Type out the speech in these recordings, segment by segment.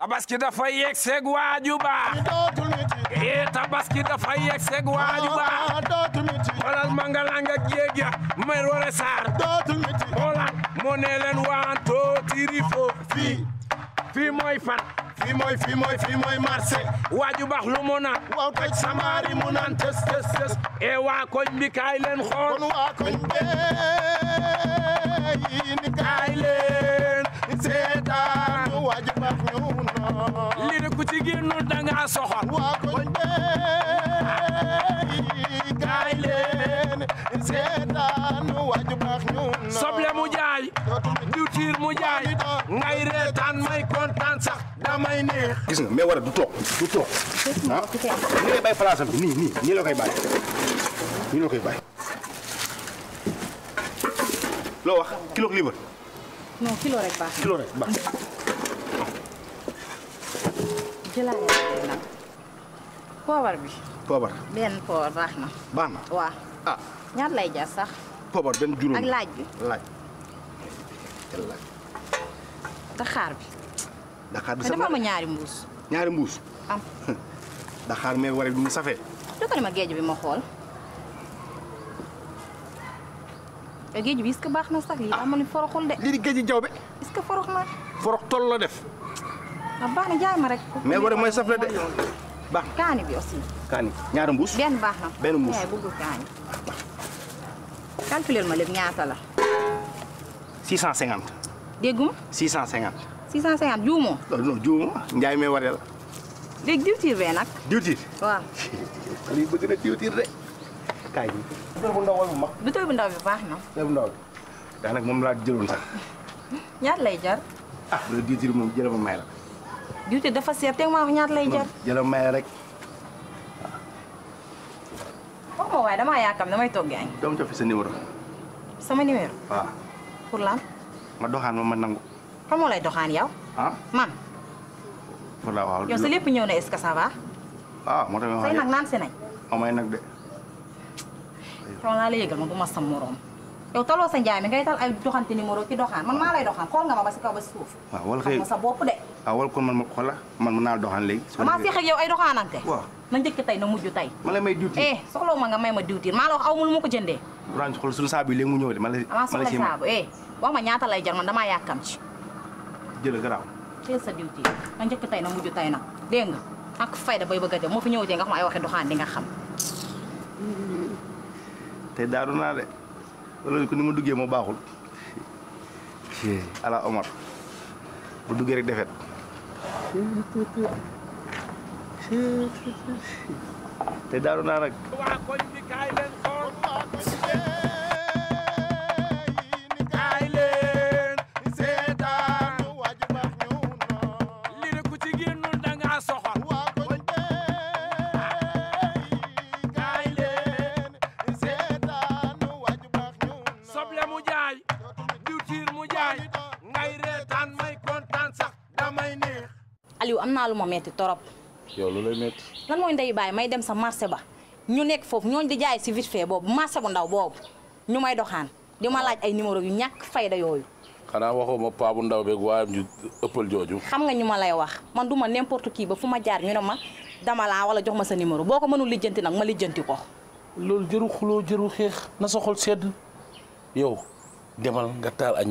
tabaski dafa yegg seeg waaju baax ee eh, tabaski dafa yegg seeg waaju baax xoolal mangalang ak jéeg ya may saar xoolal moo ne leen waan tootiri fo fii fii mooy fan fii mooy fii mooy fii mooy marché waaju baax lu mu naan waaw toj sambaari ee waa koñ bi kaay leen waa koñ bee nu danga soxor waa koñ bee gaay leen seetaan waaju baax ñu soble mu jaay diwtiir mu jaay ngay reetaan may kontaan damay neex gis nga mais war a du toog du toog ah ni ngay bàyyi nii nii nii la koy bàyyi nii la koy bàyyi loo wax kilo liibar non kilo rek baax ci laa poobar bi. poobar benn poobar baax na. baax na waaw. Ah. ñaar lay jaar sax. poobar benn juróom ak laaj bi laaj. daxaar bi. daxaar bi sax dafa ñaari mbuus. ñaari mbuus. am daxaar mais waree bi mu safee. da ko ne ma géej bi ma xool. géej bi est-ce baax na sax lii. ah ma ni foroxul de. lii di géej jaww bi. est-ce que forox na. forox toll la def. ah jaay ma rek. mais wala mooy saf la de baax na kaani bi aussi. kaani ñaari mbuus. benn baax na benn mbuus yaay eh, bëggul kaani. calculer ma lépp ñaata la. 650. dégguma. 650. 650 juumoo. non juumoo Ndiaye may waree la. bee nag. diwtiir waaw. xale bëgg na diwtiir de kaay bu ndaw na. butéel bu ndaw bi moom laa jëloon sax. ñaar lay jar. ah loolu diwtiir moom jël ma may juute dafa seer teg yang ñaata lay jar. jëlal may rek. waaw. ma waaye damaa yaakaar damay toog gaañ. doom ca fi sa numéro. sama numéro. waaw. pour lan. nga doxaan ma ma nangu. xam lay ah man. pour la waaw. yow sa lépp ñëw na ah moo tax ma wax nag naan si nañ. amay nag de. lali naa la yëgal ma bu ma sa moroom. yow taloo sa njaay mi ngay tal ay doxante numéro ki doxaan man maa lay doxaan xool nga ma ba si awal kon man ma xoola man mën naa doxaan ma maa seex ak yow ay doxaanante. wa ma njëkk tay na mujj tay mala may duty eh soxlo ma nga may ma duty ma la wax awmul moko jende ran xol jëndee. Orange xool suñu mu ñëw de mala la. ma la eh wax ma ñaata lay jar man damaa yàkkam ci. jeul graw teel sa duty ma njëkk tay na mujj tay na dégg nga ak fayda boy bëgg a dem moo fi ñëwatee nga xam ay waxe doxaan di nga xam. te daru na de wala ko ni duggé mo baxul baaxul. ala Omar bu duggé rek defet te daaru naa nag. waa koñ bi kaay leen Aliou am naa lu ma metti torop yow lu lay metti lan mooy ndey bàyyi may dem sa marché ba ñu nekk foofu ñooñ di jaay si vite fait boobu marse bu ndaw boobu ñu may doxaan di ma laaj ay numéro yu ñàkk fayda yooyu xanaa waxoo ma paa bu ndaw beeg waayam ñu ëppal jooju xam nga ñu ma lay wax man du ma n'importe kii ba fu ma jaar ñu ne ma dama laa wala jox ma sa numéro boo ko mënul lijjanti nag ma lijjanti ko loolu jëru xuloo jëru xeex na sa xol sedd yow demal nga taal añ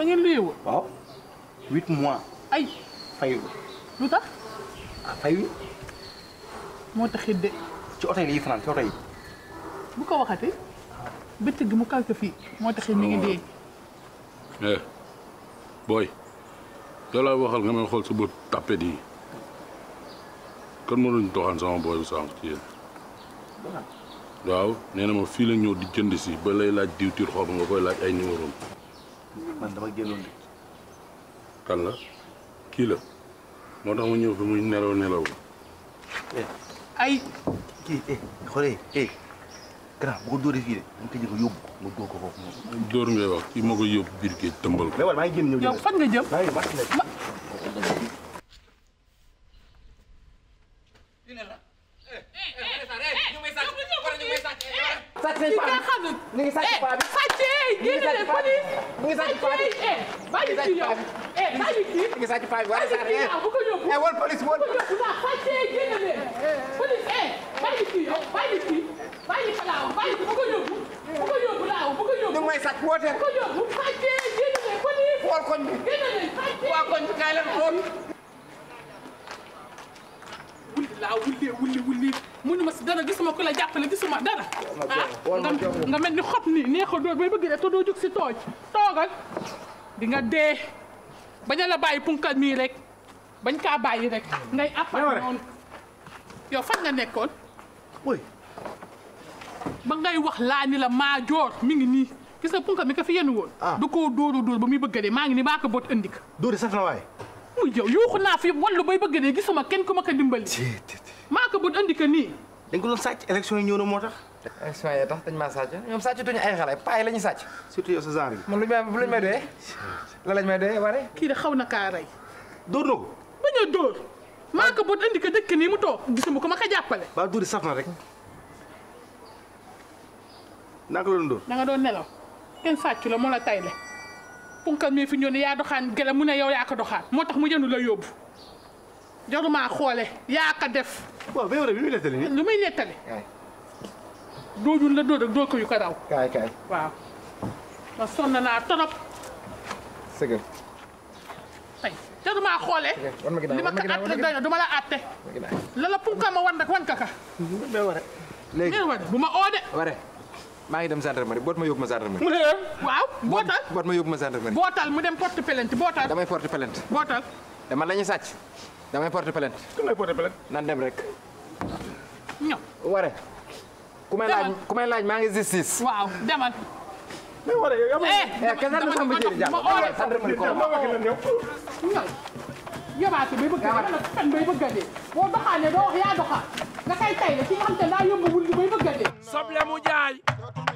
fa ngeen luyee woon. waaw huit mois. ay fayu lu tax. ah fayu moo taxit de. ci hôtel yi bu ko waxatee bëtt gi mu kaw ko fii moo taxit mi ngi dee. eh booy dalaa waxal nga may xool si bët tapet yi kon moo doon doxaan sama booy bu sànq ci yéen. waaw nee na ma fii la ñëw di jënd si ba lay laaj diwtiir xob nga koy laaj ay numéro man dama génnoon de. kan la moo tax ma ñëw fi muy nelaw nelaw. Eh, ay kii eh xoolee eh ko dóoree fii de mu tëjee ko yóbbu mu dóor ko foofu moom. dóor ngay kii moo koy yóbbu biir géej tëmbal ko. mais wala maa ngi génn ñëw yow fan nga jëm. maa sàccee paa bi ñu ngi sàcc paa bi ñu ngi sàcc paa bi ñu ngi sàcc paa bi ñu ngi sàcc paa bi ñu ngi sàcc paa bi waaye sax eh wol eh, eh, eh, police wol police wullee wulli wulli munuma si dara gisuma ku la jàppale gisuma dara ah nga mel ni xob ni neexa dóor bay bëgg de te doo jóg si tooj toogal di nga dee bañ a la bàyyi punkal mii rek bañ kaa bàyyi rek ngay appal noonu yow fan nga nekkoon ba ngay wax laa ni la maa joor mi ngi nii gis nga punkal mi ko fi yenu woon ah. du koo dóoru dóor ba muy bëgg de maa ngi ni maa ko boot indi ko dóori saf na waaye muy yow yuuxu naa fi wallu bay bëgg de gisuma kenn ku ma ko dimbali maa ko bët andi ko nii. dañ ko doon sàcc élection yi ñëw moo tax. élection yi tax dañ maa sàcc ñoom sàccatuñu ay xale paa yi la ñuy sàcc. surtout yow sa genre yi. man lu ñu may lu ñu may doyee. la may doyee waree. kii de xaw na kaa rey. dóor na ko. bañ a dóor. dëkk nii mu toog gisuma ko ma ko jàppale. ba dóor saf na rek. naa ko nga doon nelaw kenn sàcc la moo la tayle. punkal mi fi ñëw ne yaa doxaan gele mu ne yow yaa ko doxaan moo tax mu jënd la yóbbu. jaruma xoole yaa ka def. waaw ba yow de bi muy la dood ak doo ko yu ko raw. kaay ma sonn naa torop. sëgal. tey jaruma xoole. wan ma ginnaaw li ma la àtte. lala punkam ma wan nag wan kaka. bu ma oo de. ware maa ngi dem gendarmerie boot ma yóbbu ma gendarmerie. mu ne waaw bootal. boot ma yóbbu ma gendarmerie. bootal mu dem porte plainte bootal. damay porte plainte. bootal. dama la ñu sàcc. damay me plainte. kan lay é plainte. nan é rek. ñëw waree. ku é, laaj ku may como é lá, justice. waaw demal. mais waree yow yaa ma. eh kenn daal é, é, jàmm. ma oore ko ma oore ko ñëw. yabaate bay bëgg a dee fan bay bëgg a dee boo doxaane doo wax yaa doxaan nga kay tay la ki nga xam te daa yëngu wul bay bëgg a